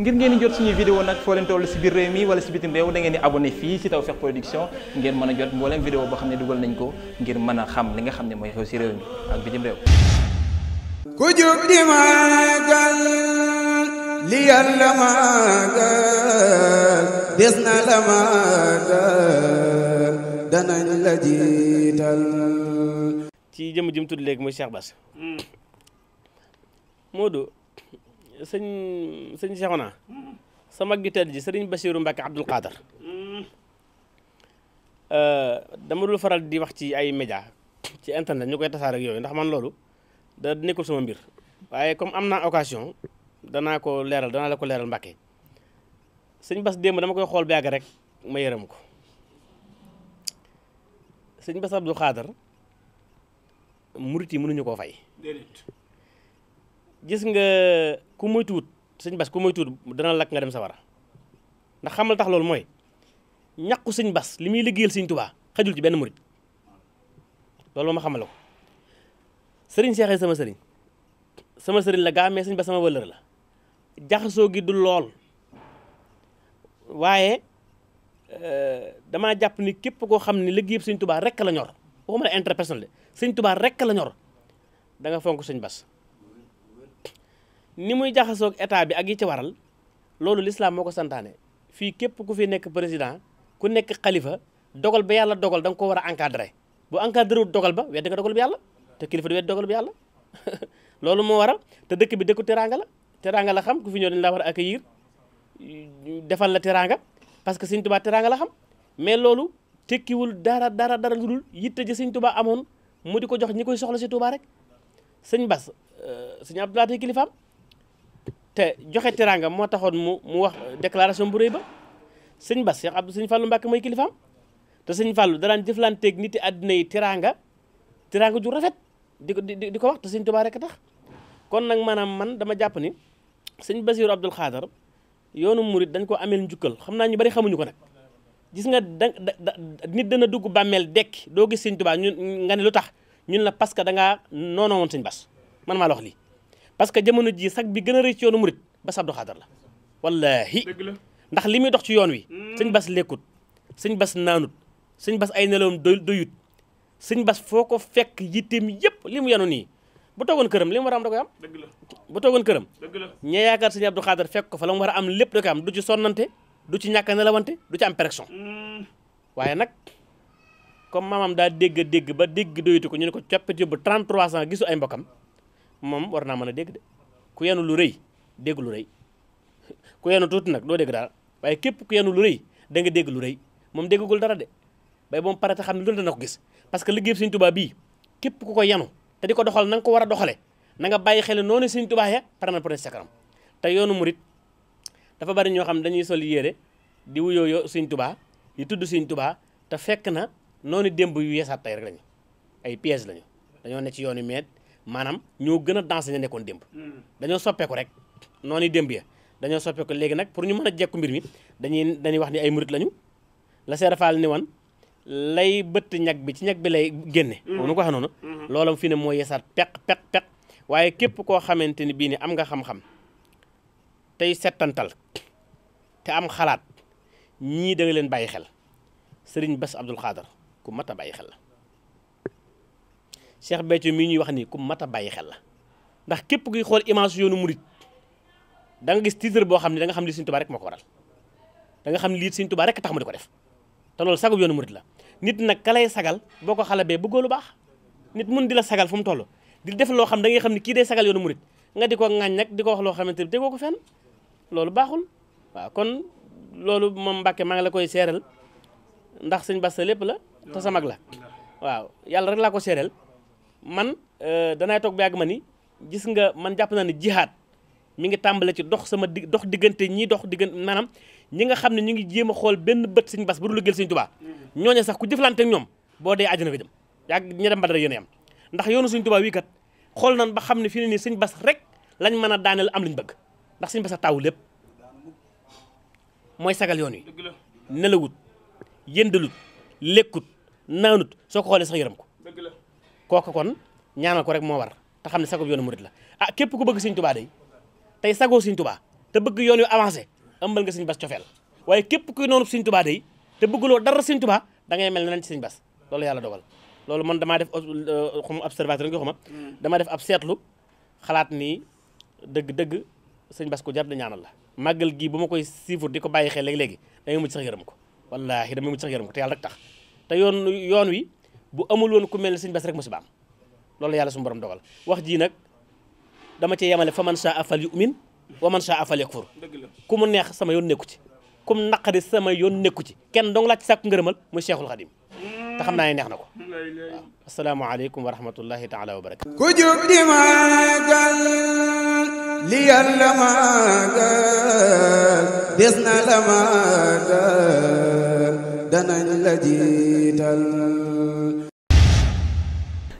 ngir ngeen di jot suñuy vidéo nag foo leen toll si biir réew mi wala si bitim réew da ngeen di abonné fii si Tawfekh Production ngeen mën a jot mbooleem vidéo boo xam ne dugal nañ ko ngir mën a xam li nga xam ne mooy xew si réew mi ak bitim réew ku jóg di màggal li yàlla màggal des na la màggal danañ la jiital ci jëm jëm tudd léegi mooy Cheikh Bass mm. Modou sëñ sëñ Cheikhouna sa mag ju tedd ji sëriñ Basiiru Mbàkke Abdul Qaadar eh, dama dul faral di wax ci ay média ci internet ñu koy tasaar ak yooyu ndax man loolu da nekkul sama mbir waaye comme am na occasion danaa ko leeral danaa la ko leeral Mbàkke sëñ Bas démb dama koy xool ba yàgg rek ma yërëm ko sëñ Bas Abdul Qaadar murit yi mënuñu koo fay gis nga ku moytuwut sëñ bas ku moytuwut dana lakk nga dem sa sawara ndax xamal tax loolu mooy ñàqu sëñ bas li muy liggéeyal sëñ tubaa xajul ci benn murit loolu ma xamal ko sëriñ seexee sama sëriñ sama sëriñ la gaa mais sëñ bas sama wëllër la jaxasoo gi du lool waaye euh, damaa jàpp ni képp koo xam ne liggéey sëñ tubaa rekk la ñor waxuma la interpersonnel sëñ tubaa rekk la ñor da nga fonk sëñ bas ni muy jaxasoog état bi ak yi ca waral loolu lislaam moo ko santaane fii képp ku fi nekk président ku nekk xalifa dogal ba yàlla dogal da nga ko war a encadré boo encadré dogal ba wedd nga dogal bi yàlla te kilifa du wedd dogal bi yàlla loolu moo waral te dëkk bi dëkku teraanga la teraanga la xam ku fi ñëw dañ la war a accueillir defal la teraanga parce que Sëñ Tuubaa teraanga la xam mais loolu tekkiwul dara dara dara lu dul yitte ji Sëñ Tuubaa amoon mu di ko jox ñi koy soxla si Tuubaa rek sëñ Bas euh, sëñ Abdoulaye kilifaam te joxe teraanga moo taxoon mu mu wax déclaration bu rëy ba sëñ Bass Cheikh Abdou sëñ Fallou mooy kilifaam te sëñ fallu danaan jëflanteeg nit yi yi teraanga teraanga ju rafet di ko di ko wax te sëñ Tuubaa rek tax kon nag maanaam man dama jàpp ni sëñ Bassirou Abdoul Khadar yoonu murit dañ ko ameel njukkal xam naa ñu bari xamuñu ko nag gis nga nit dana dugg bàmmeel dekk doo gis sëñ Tuubaa ñun nga lu tax ñun la parce que da ngaa noonoon sëñ Bass man maa la wax parce que jamono jii sag bi gën a rëy ci yoonu murit Bass Abdou Khadre la wallaahi ndax li muy dox ci yoon wi mm. sëñ bas lekkut sëñ bas naanut sëñ bas ay nelawam doyut sëñ bas foo ko fekk yitteem yëpp li mu yanu nii bu toogoon këram li mu war a am da koy am bu toogoon këram ña yaakaar sëñ Abdou Khadre fekk ko fa la mu war a am lépp da koy am du ci sonnante du ci ñàkk nelawante du ci am pression mm. waaye nag comme maamam daa dégg dégg ba dégg doyutu ko ñu ne ko coppit yóbbu 33 ans gisu ay mbokam moom war naa mën a dégg de ku yenu lu rëy dégg lu rëy ku yenu tuuti nag doo dégg daal waaye képp ku yenu lu rëy da nga dégg lu rëy moom déggagul dara de bay boom pare te xam ne lu dana ko gis parce que liggéey Sëñ Tuubaa bii képp ku ko yenu di ko doxal na nga ko war a doxale nanga nga bàyyi xel noonu Sëñ Tuubaa ya pare na pour sa kanam te yoonu murit dafa bari ñoo xam ne dañuy sol yére di wuyoo yo Sëñ Tuubaa yi tudd Sëñ Tuubaa te fekk na noonu démb yu yeesaat tey rek lañu ay pièges lañu dañoo ne ci yoonu meet maanaam ñoo gën a dansé ña nekkoon démb dañoo soppeeku rek noonu démb ya dañoo soppeeku léegi nag pour ñu mën a jekku mbir mi dañuy dañuy wax ni ay murit lañu la seerafaal ni wan lay bëtt ñag bi ci ñag bi lay génne mm-hmm. nu ko waxee noonu mm-hmm. loolam fi ne moo yeesaat peq peq peq waaye képp koo xamante ni bii ni am nga xam-xam tey settantal te am xalaat ñii da leen bàyyi xel sëriñ Bass Abdou Khadre ku mat a bàyyi xel la Cheikh Béthio mii ñuy wax nii ku mat a bàyyi xel la ndax képp kuy xool image yoonu murit da nga gis titre boo xam ne da nga xam li Sëñ Tuubaa rek moo ko waral da nga xam lii Sëñ Tuubaa rek tax mu di ko def te loolu sagub yoonu murit la nit nag ka lay sagal boo ko xalabee bëggoo lu baax nit mun di la sagal fu mu toll di def loo xam da ngay xam ne kii day sagal yoonu murit nga di ko ŋaañ nag di ko wax loo xamante ni tegoo ko fenn loolu baaxul waaw kon loolu moom Mbàkke maa ngi la koy seeral ndax sëñ Bassa lépp la te sa mag la waaw yàlla man euh, danaay toog ba yàgg ma ni gis nga man jàpp naa ne jihaad mu ngi tàmbale ci dox sama di dox diggante ñi dox diggante maanaam ñi nga xam ne ñu ngi jéem a xool benn bët suñ bas bu dul gël suñ tubaa ñooñu sax ku jëflante ak ñoom boo dee àjjana nga jëm yàgg ñi dem Badar yéen yam ndax yoonu suñ tubaa wii kat xool nan ba xam ne fi ne nii suñ bas rek lañ mën a daaneel am liñ bëgg ndax suñ bas a taawu lépp mooy sagal yoon wi nelawut yëndalut lekkut naanut soo ko xoolee sax yërëm ko kooku kon ñaanal ko rek moo war te xam ne sagob yoonu murit la ah képp ku bëgg Sëñ Tuubaa day tey sagoo Sëñ Tuubaa te bëgg yoon wi avancé ëmbal nga Sëñ Bass cofeel waaye képp kuy noonu Sëñ Tuubaa day te bëgguloo dara Sëñ Tuubaa da ngay mel ne leen ci Sëñ loolu yàlla dogal loolu man damaa def euh, xum observateur nga xuma hmm. dama def ab seetlu xalaat ni dëgg-dëgg Sëñ bas ku jar di ñaanal la màggal gii bu ma koy siifur di ko bàyyi xel léegi-léegi sax yërëm ko wallaahi damay mujj sax yërëm ko te yàlla rek tax bu amul woon ku mel ne sëñ Bass rek musiba am loolu yàlla suñu borom dogal wax jii nag dama ci yemale fa man saa fal yu'min wa man saa fal yakfur ku neex sama yoon nekku ci ku mu naqari sama yoon nekku ci kenn dong la ci sàkku ngërëmal muy Cheikhul Khadim te xam naa ne neex na ko waaw asalaamaaleykum wa rahmatullahi taala wa barakatu li